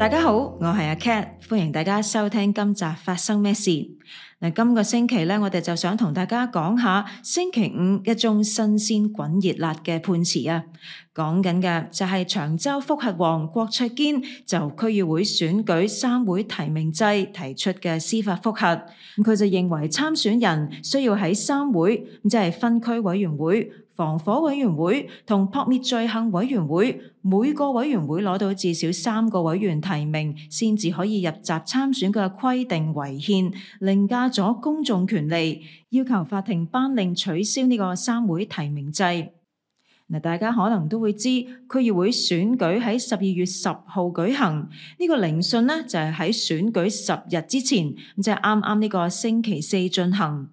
大家好，我係阿 Cat，歡迎大家收聽今集法生咩事。今個星期咧，我哋就想同大家講下星期五一宗新鮮滾熱辣嘅判詞啊。講緊嘅就係長洲覆核王郭卓堅就區議會選舉三會提名制提出嘅司法覆核，佢就認為參選人需要喺三會，即係分區委員會，防火委員會同撲滅罪行委員會，每個委員會攞到至少三個委員提名，先至可以入閘參選嘅規定違憲，凌駕咗公眾權利，要求法庭頒令取消呢個三會提名制。嗱，大家可能都會知，區議會選舉喺十二月十號舉行，呢個聆訊呢，就係喺選舉十日之前，咁即係啱啱呢個星期四進行。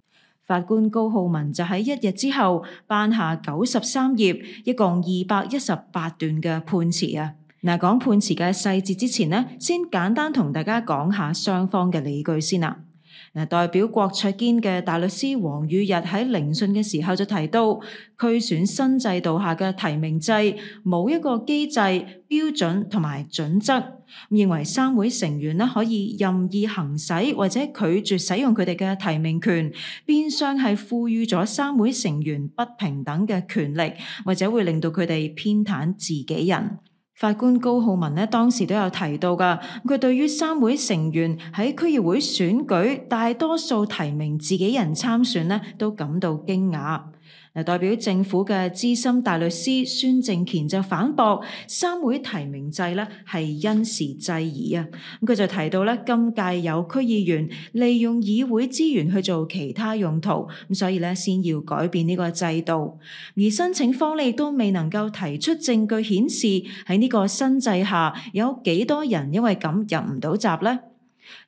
法官高浩文就喺一日之後，頒下九十三頁，一共二百一十八段嘅判詞啊！嗱，講判詞嘅細節之前咧，先簡單同大家講下雙方嘅理據先啦。代表郭卓堅嘅大律師黃宇逸喺聆訊嘅時候就提到，區選新制度下嘅提名制冇一個機制、標準同埋準則，認為三會成員咧可以任意行使或者拒絕使用佢哋嘅提名權，變相係賦予咗三會成員不平等嘅權力，或者會令到佢哋偏袒自己人。法官高浩文咧，當時都有提到噶，佢對於三會成員喺區議會選舉大多數提名自己人參選咧，都感到驚訝。代表政府嘅資深大律師孫靖乾就反駁，三會提名制咧，係因時制宜啊，咁佢就提到咧，今屆有區議員利用議會資源去做其他用途，咁所以咧先要改變呢個制度。而申請方咧亦都未能夠提出證據顯示喺呢個新制下有幾多人因為咁入唔到閘呢？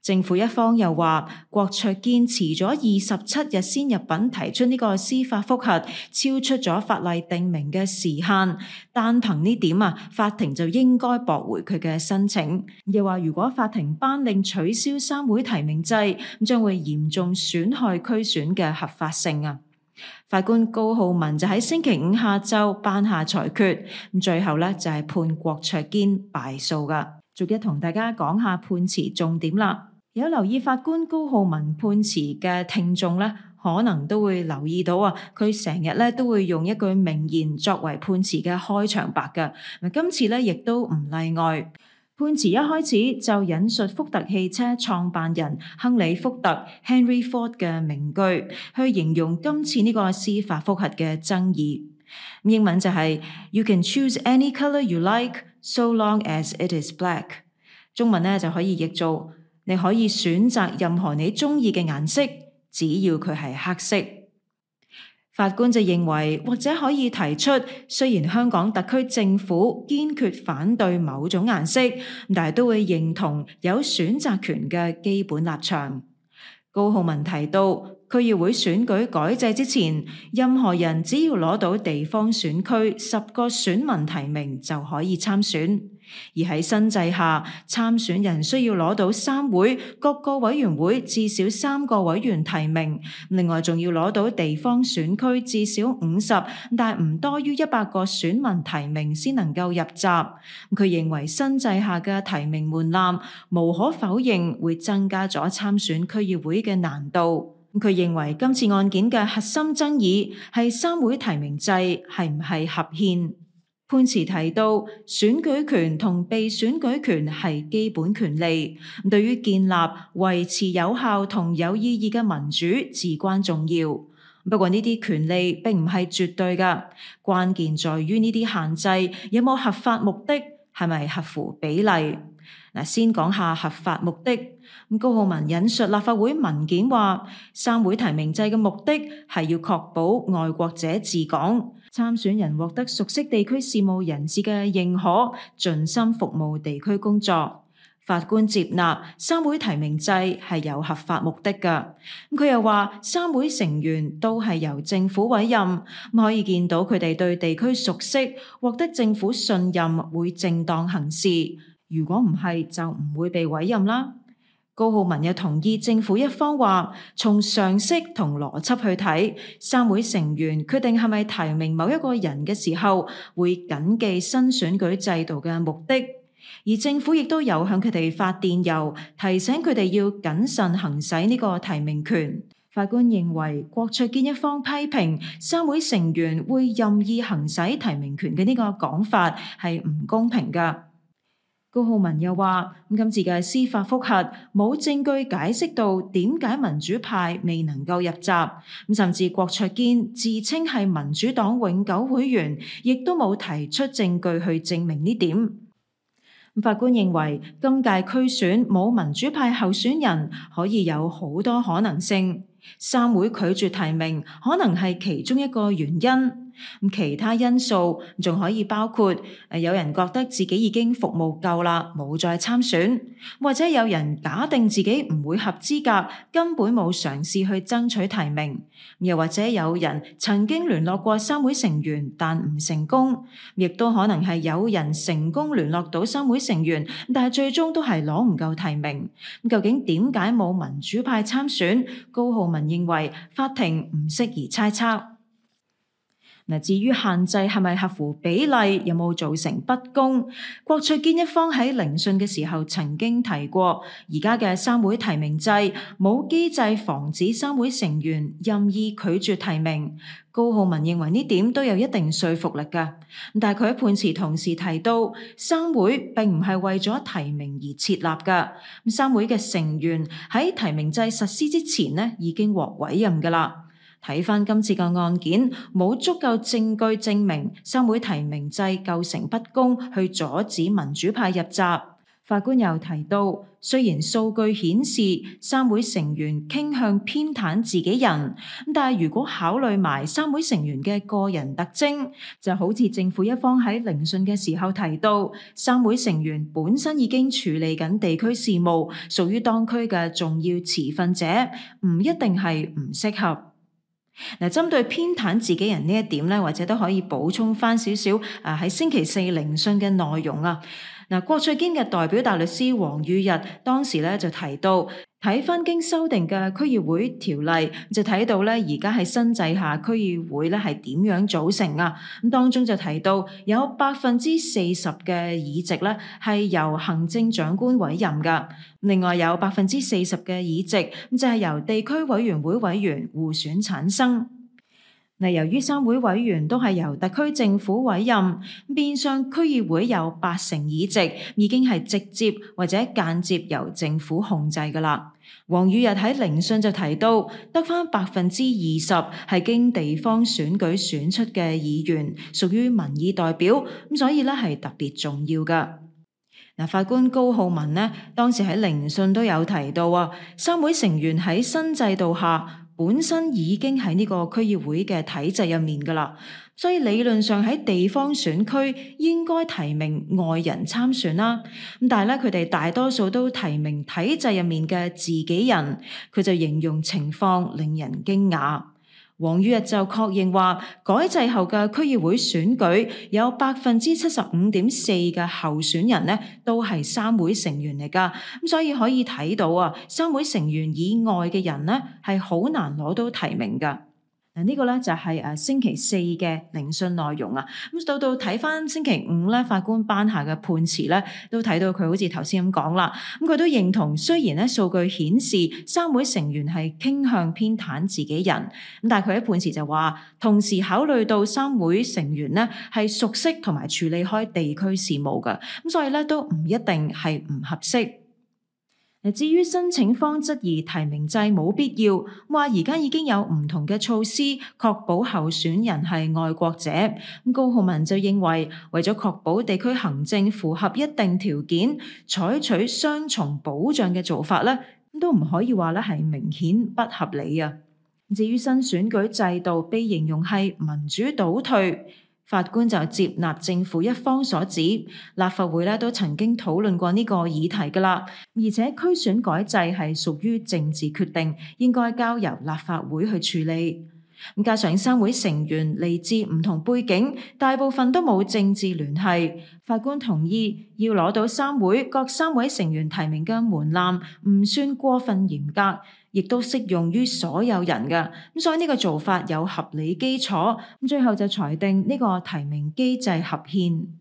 政府一方又話，郭卓堅遲咗二十七日先入禀提出呢個司法複核，超出咗法例定明嘅時限。單憑呢點啊，法庭就應該駁回佢嘅申請。又話如果法庭頒令取消三會提名制，咁將會嚴重損害損害區選嘅合法性啊！法官高浩文就喺星期五下晝頒下裁決，咁最後咧就係判郭卓堅敗訴噶。逐日同大家講下判詞重點啦。有留意法官高浩文判詞嘅聽眾咧，可能都會留意到啊，佢成日咧都會用一句名言作為判詞嘅開場白嘅。今次咧亦都唔例外，判詞一開始就引述福特汽車創辦人亨利福特 Henry Ford 嘅名句，去形容今次呢個司法覆核嘅爭議。英文就係 You can choose any color you like。So long as it is black，中文呢就可以譯做你可以選擇任何你中意嘅顏色，只要佢係黑色。法官就認為或者可以提出，雖然香港特區政府堅決反對某種顏色，但係都會認同有選擇權嘅基本立場。高浩文提到。區議會選舉改制之前，任何人只要攞到地方選區十個選民提名就可以參選。而喺新制下，參選人需要攞到三會各個委員會至少三個委員提名，另外仲要攞到地方選區至少五十，但唔多於一百個選民提名先能夠入閘。佢認為新制下嘅提名門檻無可否認會增加咗參選區議會嘅難度。佢認為今次案件嘅核心爭議係三會提名制係唔係合憲。判詞提到選舉權同被選舉權係基本權利，對於建立維持有效同有意義嘅民主至關重要。不過呢啲權利並唔係絕對㗎，關鍵在於呢啲限制有冇合法目的，係咪合乎比例。嗱，先講下合法目的。高浩文引述立法會文件話，三會提名制嘅目的係要確保愛國者治港，參選人獲得熟悉地區事務人士嘅認可，盡心服務地區工作。法官接納三會提名制係有合法目的嘅。佢又話，三會成員都係由政府委任，可以見到佢哋對地區熟悉，獲得政府信任，會正當行事。如果唔係，就唔會被委任啦。高浩文又同意政府一方話，從常識同邏輯去睇，三會成員決定係咪提名某一個人嘅時候，會謹記新選舉制度嘅目的。而政府亦都有向佢哋發電郵，提醒佢哋要謹慎行使呢個提名權。法官認為郭卓堅一方批評三會成員會任意行使提名權嘅呢個講法係唔公平噶。高浩文又話：今次嘅司法復核冇證據解釋到點解民主派未能夠入閘，甚至郭卓堅自稱係民主黨永久會員，亦都冇提出證據去證明呢點。法官認為今屆區選冇民主派候選人，可以有好多可能性，三會拒絕提名可能係其中一個原因。其他因素仲可以包括，有人覺得自己已經服務夠啦，冇再參選，或者有人假定自己唔會合資格，根本冇嘗試去爭取提名，又或者有人曾經聯絡過三會成員，但唔成功，亦都可能係有人成功聯絡到三會成員，但係最終都係攞唔夠提名。究竟點解冇民主派參選？高浩文認為法庭唔適宜猜測。嗱，至於限制係咪合乎比例，有冇造成不公？郭卓堅一方喺聆訊嘅時候曾經提過，而家嘅三會提名制冇機制防止三會成員任意拒絕提名。高浩文認為呢點都有一定説服力噶。但係佢喺判詞同時提到，三會並唔係為咗提名而設立噶。三會嘅成員喺提名制實施之前呢已經獲委任噶啦。睇翻今次嘅案件，冇足夠證據證明三會提名制構成不公，去阻止民主派入閘。法官又提到，雖然數據顯示三會成員傾向偏袒自己人，但係如果考慮埋三會成員嘅個人特徵，就好似政府一方喺聆訊嘅時候提到，三會成員本身已經處理緊地區事務，屬於當區嘅重要持份者，唔一定係唔適合。嗱，針對偏袒自己人呢一點咧，或者都可以補充返少少，喺星期四聆訊嘅內容啊，嗱，郭卓堅嘅代表大律師黃宇日當時咧就提到。睇返經修訂嘅區議會條例，就睇到呢，而家喺新制下區議會呢係點樣組成㗎。咁當中就提到有百分之四十嘅議席呢係由行政長官委任嘅，另外有百分之四十嘅議席就係由地區委員會委員互選產生。嗱，由於三會委員都係由特區政府委任，變相區議會有八成議席已經係直接或者間接由政府控制㗎喇。黃宇日喺聆訊就提到，得返百分之二十係經地方選舉選出嘅議員，屬於民意代表咁，所以咧係特別重要㗎。嗱，法官高浩文呢當時喺聆訊都有提到啊，三會成員喺新制度下，本身已經喺呢個區議會嘅體制入面㗎喇，所以理論上喺地方選區應該提名外人參選啦。咁但係咧，佢哋大多數都提名體制入面嘅自己人，佢就形容情況令人驚訝。黃宇日就確認話，改制後嘅區議會選舉有百分之七十五點四嘅候選人呢，都係三會成員嚟㗎，咁所以可以睇到啊，三會成員以外嘅人呢，係好難攞到提名㗎。誒，呢個咧就係誒星期四嘅聆訊內容啊。咁到到睇翻星期五咧，法官頒下嘅判詞咧，都睇到佢好似頭先咁講啦。咁佢都認同，雖然咧數據顯示三會成員係傾向偏袒自己人，咁但係佢喺判詞就話，同時考慮到三會成員咧係熟悉同埋處理開地區事務嘅，咁所以咧都唔一定係唔合適。至於申請方質疑提名制冇必要，話而家已經有唔同嘅措施確保候選人係愛國者，咁高浩文就認為為咗確保地區行政符合一定條件，採取雙重保障嘅做法咧，都唔可以話咧係明顯不合理啊。至於新選舉制度被形容係民主倒退。法官就接納政府一方所指，立法會呢都曾經討論過呢個議題㗎喇，而且區選改制係屬於政治決定，應該交由立法會去處理。加上三會成員嚟自唔同背景，大部分都冇政治聯繫。法官同意要攞到三會各三位成員提名嘅門檻，唔算過分嚴格，亦都適用於所有人嘅。咁所以呢個做法有合理基礎。咁最後就裁定呢個提名機制合憲。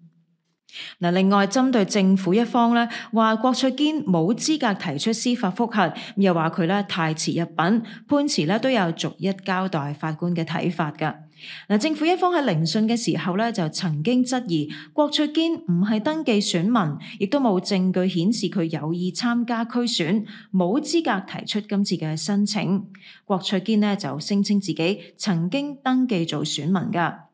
嗱，另外針對政府一方咧，話郭卓堅冇資格提出司法覆核又話佢咧太遲入稟，判詞咧都有逐一交代法官嘅睇法噶。嗱，政府一方喺聆訊嘅時候咧，就曾經質疑郭卓堅唔係登記選民，亦都冇證據顯示佢有意參加區選，冇資格提出今次嘅申請。郭卓堅咧就聲稱自己曾經登記做選民噶。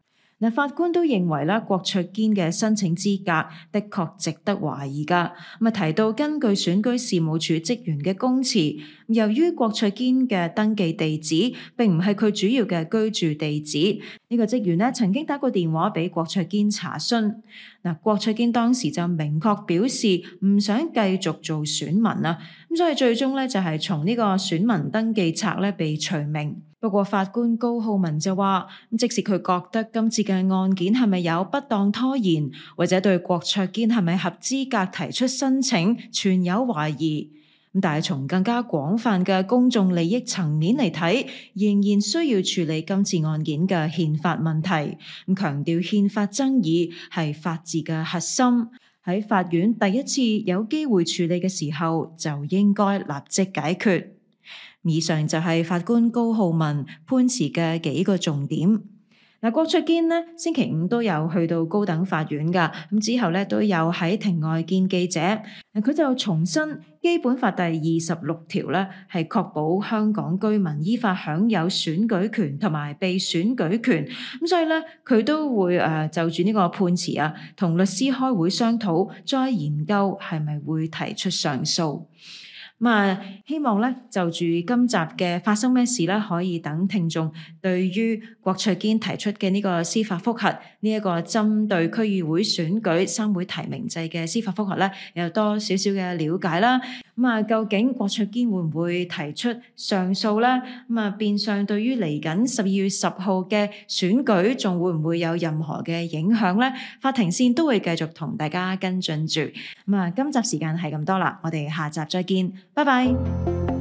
法官都認為郭卓堅嘅申請資格的確值得懷疑噶。咁啊提到根據選舉事務處職員嘅供詞，由於郭卓堅嘅登記地址並唔係佢主要嘅居住地址，呢個職員咧曾經打過電話俾郭卓堅查詢。嗱，郭卓堅當時就明確表示唔想繼續做選民啦，咁所以最終呢就係從呢個選民登記冊咧被除名。不過法官高浩文就話，即使佢覺得今次嘅案件係咪有不當拖延，或者對郭卓堅係咪合資格提出申請，存有懷疑。但係從更加廣泛嘅公眾利益層面嚟睇，仍然需要處理今次案件嘅憲法問題。咁強調憲法爭議係法治嘅核心，喺法院第一次有機會處理嘅時候就應該立即解決。以上就係法官高浩文判詞嘅幾個重點。嗱，郭卓堅咧星期五都有去到高等法院噶，咁之後咧都有喺庭外見記者。佢就重申《基本法》第二十六條咧係確保香港居民依法享有選舉權同埋被選舉權。咁所以咧，佢都會誒、呃、就住呢個判詞啊，同律師開會商討，再研究係咪會提出上訴。咁啊，希望咧就住今集嘅法生咩事咧，可以等聽眾對於郭卓堅提出嘅呢個司法複核，呢、這、一個針對區議會選舉三會提名制嘅司法複核呢，有多少少嘅了解啦。咁、嗯、啊，究竟郭卓堅會唔會提出上訴呢？咁、嗯、啊，變相對於嚟緊十二月十號嘅選舉，仲會唔會有任何嘅影響呢？法庭線都會繼續同大家跟進住。咁、嗯、啊，今集時間係咁多啦，我哋下集再見，拜拜。